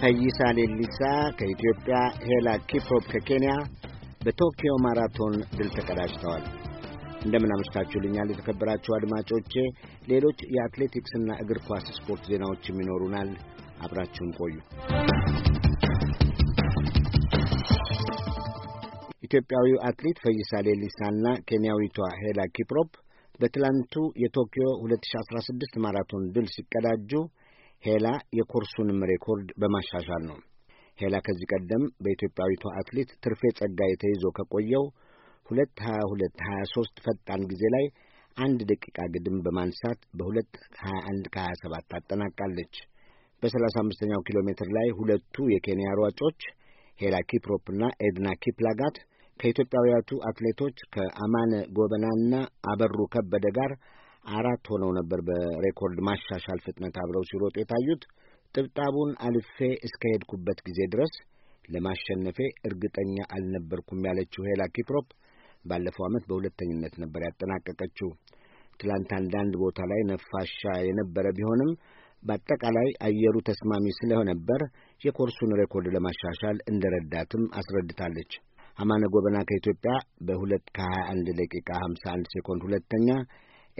ፈይሳ ሌሊሳ ከኢትዮጵያ፣ ሄላ ኪፕሮፕ ከኬንያ በቶኪዮ ማራቶን ድል ተቀዳጅተዋል። እንደምን አመሽታችሁልኛል የተከበራችሁ አድማጮቼ። ሌሎች የአትሌቲክስና እግር ኳስ ስፖርት ዜናዎችም ይኖሩናል። አብራችሁን ቆዩ። ኢትዮጵያዊው አትሌት ፈይሳ ሌሊሳና ኬንያዊቷ ሄላ ኪፕሮፕ በትላንቱ የቶኪዮ 2016 ማራቶን ድል ሲቀዳጁ ሄላ የኮርሱንም ሬኮርድ በማሻሻል ነው። ሄላ ከዚህ ቀደም በኢትዮጵያዊቷ አትሌት ትርፌ ጸጋዬ ተይዞ ከቆየው 2፡22፡23 ፈጣን ጊዜ ላይ አንድ ደቂቃ ግድም በማንሳት በ2፡21 አጠናቃለች። በ35ኛው ኪሎ ሜትር ላይ ሁለቱ የኬንያ ሯጮች ሄላ ኪፕሮፕና ኤድና ኪፕላጋት ከኢትዮጵያውያቱ አትሌቶች ከአማነ ጎበናና አበሩ ከበደ ጋር አራት ሆነው ነበር በሬኮርድ ማሻሻል ፍጥነት አብረው ሲሮጡ የታዩት። ጥብጣቡን አልፌ እስከ ሄድኩበት ጊዜ ድረስ ለማሸነፌ እርግጠኛ አልነበርኩም ያለችው ሄላ ኪፕሮፕ ባለፈው ዓመት በሁለተኝነት ነበር ያጠናቀቀችው። ትላንት አንዳንድ ቦታ ላይ ነፋሻ የነበረ ቢሆንም በአጠቃላይ አየሩ ተስማሚ ስለነበር የኮርሱን ሬኮርድ ለማሻሻል እንደረዳትም አስረድታለች። አማነ ጎበና ከኢትዮጵያ በሁለት ከ21 ደቂቃ 51 ሴኮንድ ሁለተኛ፣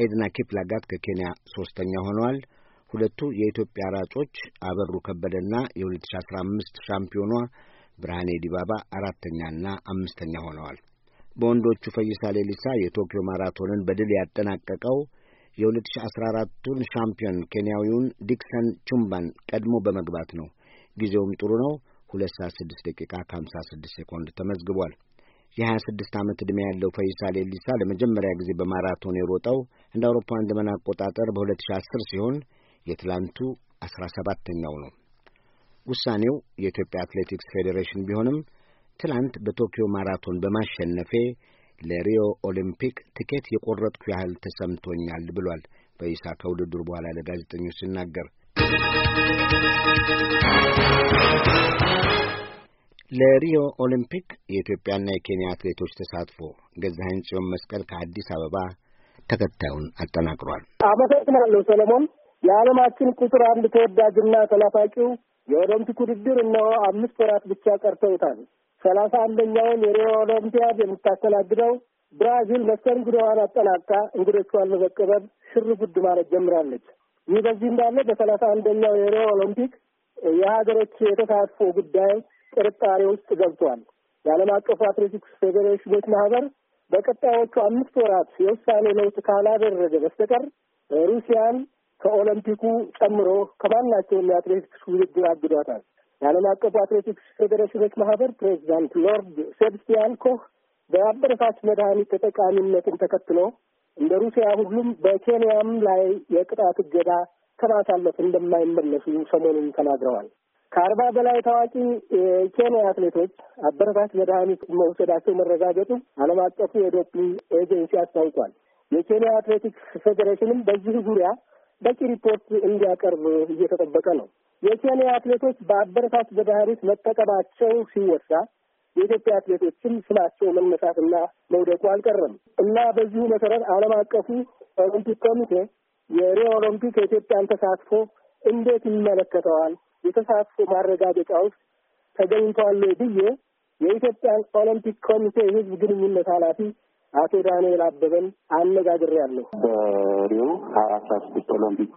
ኤድና ኪፕላጋት ከኬንያ ሦስተኛ ሆነዋል። ሁለቱ የኢትዮጵያ ራጮች አበሩ ከበደና የ2015 ሻምፒዮኗ ብርሃኔ ዲባባ አራተኛና አምስተኛ ሆነዋል። በወንዶቹ ፈይሳ ሌሊሳ የቶኪዮ ማራቶንን በድል ያጠናቀቀው የ2014ቱን ሻምፒዮን ኬንያዊውን ዲክሰን ቹምባን ቀድሞ በመግባት ነው። ጊዜውም ጥሩ ነው። 2 ሰዓት 6 ደቂቃ ከ56 ሴኮንድ ተመዝግቧል። የ26 ዓመት ዕድሜ ያለው ፈይሳ ሌሊሳ ለመጀመሪያ ጊዜ በማራቶን የሮጠው እንደ አውሮፓውያን ዘመን አቆጣጠር በ2010 ሲሆን የትላንቱ 17ተኛው ነው። ውሳኔው የኢትዮጵያ አትሌቲክስ ፌዴሬሽን ቢሆንም ትላንት በቶኪዮ ማራቶን በማሸነፌ ለሪዮ ኦሊምፒክ ትኬት የቆረጥኩ ያህል ተሰምቶኛል ብሏል። ፈይሳ ከውድድሩ በኋላ ለጋዜጠኞች ሲናገር ለሪዮ ኦሊምፒክ የኢትዮጵያና የኬንያ አትሌቶች ተሳትፎ ገዛኸኝ ጽዮን መስቀል ከአዲስ አበባ ተከታዩን አጠናቅሯል። አመሰግናለሁ ሰለሞን። የዓለማችን ቁጥር አንድ ተወዳጅና ተላፋቂው የኦሎምፒክ ውድድር እነሆ አምስት ወራት ብቻ ቀርተውታል። ሰላሳ አንደኛውን የሪዮ ኦሎምፒያድ የምታስተናግደው ብራዚል መስተንግዶዋን አጠናቃ እንግዶቿን በመቀበል ሽር ጉድ ማለት ጀምራለች። ይህ በዚህ እንዳለ በሰላሳ አንደኛው የሪዮ ኦሎምፒክ የሀገሮች የተሳትፎ ጉዳይ ጥርጣሬ ውስጥ ገብቷል። የዓለም አቀፉ አትሌቲክስ ፌዴሬሽኖች ማህበር በቀጣዮቹ አምስት ወራት የውሳኔ ለውጥ ካላደረገ በስተቀር ሩሲያን ከኦሎምፒኩ ጨምሮ ከማናቸውም የአትሌቲክስ ውድድር አግዷታል። የዓለም አቀፉ አትሌቲክስ ፌዴሬሽኖች ማህበር ፕሬዚዳንት ሎርድ ሴብስቲያን ኮህ በአበረታች መድኃኒት ተጠቃሚነትን ተከትሎ እንደ ሩሲያ ሁሉም በኬንያም ላይ የቅጣት እገዳ ከማሳለፍ እንደማይመለሱ ሰሞኑን ተናግረዋል። ከአርባ በላይ ታዋቂ የኬንያ አትሌቶች አበረታች መድኃኒት መውሰዳቸው መረጋገጡ ዓለም አቀፉ የዶፒንግ ኤጀንሲ አስታውቋል። የኬንያ አትሌቲክስ ፌዴሬሽንም በዚህ ዙሪያ በቂ ሪፖርት እንዲያቀርብ እየተጠበቀ ነው። የኬንያ አትሌቶች በአበረታች መድኃኒት መጠቀማቸው ሲወሳ የኢትዮጵያ አትሌቶችም ስማቸው መነሳትና መውደቁ አልቀረም እና በዚሁ መሰረት ዓለም አቀፉ ኦሎምፒክ ኮሚቴ የሪዮ ኦሎምፒክ የኢትዮጵያን ተሳትፎ እንዴት ይመለከተዋል? የተሳትፎ ማረጋገጫ ውስጥ ተገኝቷል ብዬ የኢትዮጵያን ኦሎምፒክ ኮሚቴ የሕዝብ ግንኙነት ኃላፊ አቶ ዳንኤል አበበን አነጋግሬያለሁ። በሪዮ አራት አራት ኦሎምፒክ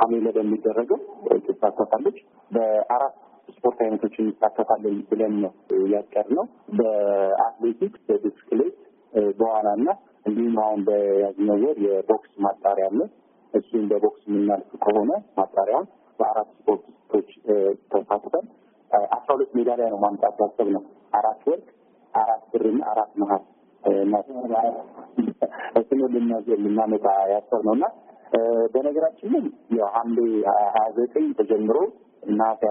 ሐምሌ ላይ በሚደረገው ኢትዮጵያ አሳታለች በአራት ስፖርት አይነቶችን እንሳተፋለን ብለን ነው ያቀር ነው በአትሌቲክስ፣ በብስክሌት፣ በዋናና እንዲሁም አሁን በያዝነው ወር የቦክስ ማጣሪያ ነው። እሱም በቦክስ የምናልፍ ከሆነ ማጣሪያውን በአራት ስፖርቶች ተሳትፈን አስራ ሁለት ሜዳሊያ ነው ማምጣት ነው። አራት ወርቅ፣ አራት ብርና አራት መሀል እሱን ልናመጣ ነው እና በነገራችን ላይ ሐምሌ ሀያ ዘጠኝ ተጀምሮ እና አስራ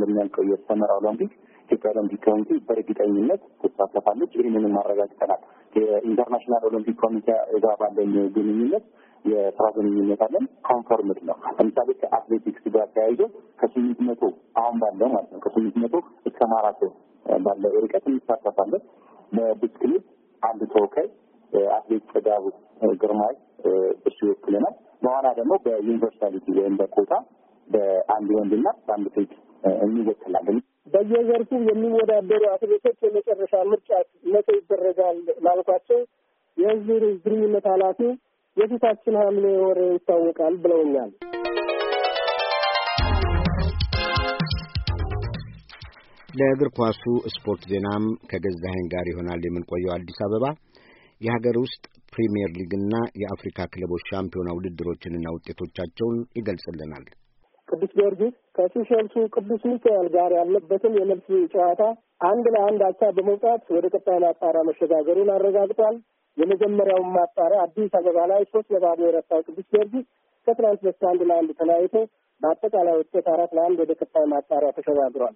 ለሚያልቀው የተሰመራው ኦሎምፒክ ኢትዮጵያ ኦሎምፒክ ኮሚቴ በእርግጠኝነት ትሳተፋለች። ይህንንም አረጋግጠናል። የኢንተርናሽናል ኦሎምፒክ ኮሚቴ ጋር ባለን ግንኙነት የስራ ግንኙነት አለን። ኮንፈርምድ ነው። ለምሳሌ ከአትሌቲክስ ጋር ተያይዞ ከስምንት መቶ አሁን ባለው ማለት ነው ከስምንት መቶ እስከ ማራቶን ባለው ርቀት እንሳተፋለን። በብስክሌት አንድ ተወካይ አትሌት ጽጋቡ ግርማይ እሱ ይወክልናል። በኋላ ደግሞ በዩኒቨርሳሊቲ ወይም በኮታ በአንድ ወንድና በአንድ ሴት የሚወክላለን። በየዘርፉ የሚወዳደሩ አትሌቶች የመጨረሻ ምርጫ መቼ ይደረጋል ላልኳቸው የህዝብ ግንኙነት ኃላፊ የፊታችን ሐምሌ ወር ይታወቃል ብለውኛል። ለእግር ኳሱ ስፖርት ዜናም ከገዛኸኝ ጋር ይሆናል የምንቆየው። አዲስ አበባ የሀገር ውስጥ ፕሪምየር ሊግና የአፍሪካ ክለቦች ሻምፒዮና ውድድሮችንና ውጤቶቻቸውን ይገልጽልናል። ቅዱስ ጊዮርጊስ ከሲሸልሱ ቅዱስ ሚካኤል ጋር ያለበትን የመልስ ጨዋታ አንድ ለአንድ አቻ በመውጣት ወደ ቀጣይ ማጣሪያ መሸጋገሩን አረጋግጧል። የመጀመሪያውን ማጣሪያ አዲስ አበባ ላይ ሶስት ለባዶ የረታው ቅዱስ ጊዮርጊስ ከትናንት በስቲያ አንድ ለአንድ ተለያይቶ በአጠቃላይ ውጤት አራት ለአንድ ወደ ቀጣይ ማጣሪያ ተሸጋግሯል።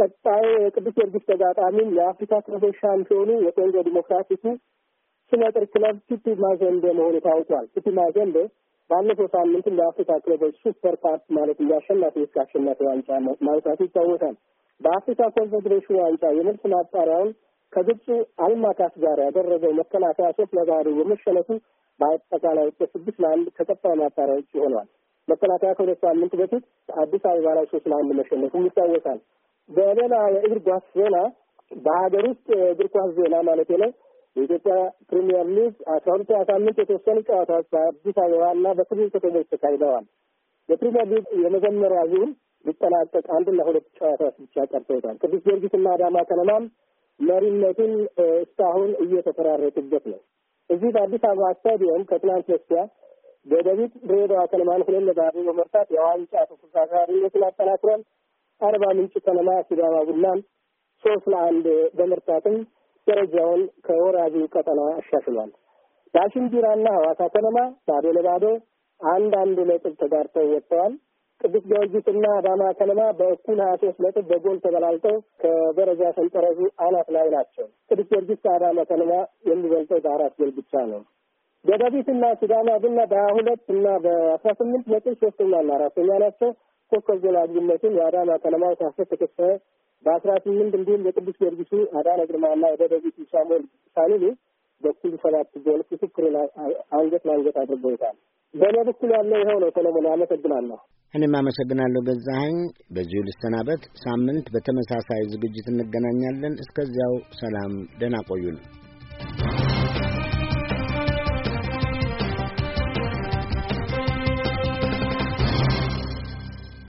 ቀጣይ የቅዱስ ጊዮርጊስ ተጋጣሚም የአፍሪካ ክለቦች ሻምፒዮኑ የኮንጎ ዲሞክራቲኩ ስመጥር ክለብ ሲቲ ማዘንዴ መሆኑ ታውቋል። ሲቲ ማዘንዴ ባለፈው ሳምንት ለአፍሪካ ክለቦች ሱፐር ካፕ ማለት የአሸናፊ እስከ አሸናፊ ዋንጫ ማውጣቱ ይታወሳል። በአፍሪካ ኮንፌዴሬሽን ዋንጫ የመልስ ማጣሪያውን ከግብፁ አልማካስ ጋር ያደረገው መከላከያ ሶስት ለባዶ በመሸነፉ በአጠቃላይ ውጤት ስድስት ለአንድ ከቀጣይ ማጣሪያ ውጭ ሆኗል። መከላከያ ከሁለት ሳምንት በፊት አዲስ አበባ ላይ ሶስት ለአንድ መሸነፉ ይታወሳል። በሌላ የእግር ኳስ ዜና በሀገር ውስጥ የእግር ኳስ ዜና ማለት ነው የኢትዮጵያ ፕሪሚየር ሊግ አስራ ሁለተኛ ሳምንት የተወሰኑ ጨዋታዎች በአዲስ አበባ አበባና በክልል ከተሞች ተካሂደዋል። የፕሪሚየር ሊግ የመጀመሪያ ዙር ሊጠናቀቅ አንድ ለሁለት ጨዋታዎች ብቻ ቀርተውታል። ቅዱስ ጊዮርጊስ ጊዮርጊስና አዳማ ከነማም መሪነቱን እስካሁን እየተፈራረቁበት ነው። እዚህ በአዲስ አበባ ስታዲየም ከትናንት በስቲያ በደቢት ድሬዳዋ ከነማን ሁለት ለባዶ በመርታት የዋንጫ ተፎካካሪነትን አጠናክሯል። አርባ ምንጭ ከነማ ሲዳማ ቡናን ሶስት ለአንድ በመርታትም ደረጃውን ከወራጅ ቀጠና አሻሽሏል። ዳሽን ቢራና ሐዋሳ ከነማ ባዶ ለባዶ አንድ አንድ ነጥብ ተጋርተው ወጥተዋል። ቅዱስ ጊዮርጊስና አዳማ ከነማ በእኩል ሀያ ሶስት ነጥብ በጎል ተበላልጠው ከደረጃ ሰንጠረዙ አናት ላይ ናቸው። ቅዱስ ጊዮርጊስ ከአዳማ ከነማ የሚበልጠው በአራት ጎል ብቻ ነው። ደደቢትና ሲዳማ ቡና በሀያ ሁለት እና በአስራ ስምንት ነጥብ ሶስተኛና አራተኛ ናቸው። ኮከብ ጎል አግቢነቱን የአዳማ ከነማ ታፈ ተከሰ በአስራ ስምንት እንዲሁም የቅዱስ ጊዮርጊሱ አዳነ ግርማና የደደቢቱ ሳሙኤል ሳኒሉ በኩል ሰባት ጎል ፉክክሩን አንገት ለአንገት አድርገውታል። በእኔ በኩል ያለው ይኸው ነው። ሰለሞን አመሰግናለሁ። እኔም አመሰግናለሁ ገዛኸኝ። በዚሁ ልሰናበት። ሳምንት በተመሳሳይ ዝግጅት እንገናኛለን። እስከዚያው ሰላም፣ ደህና ቆዩን።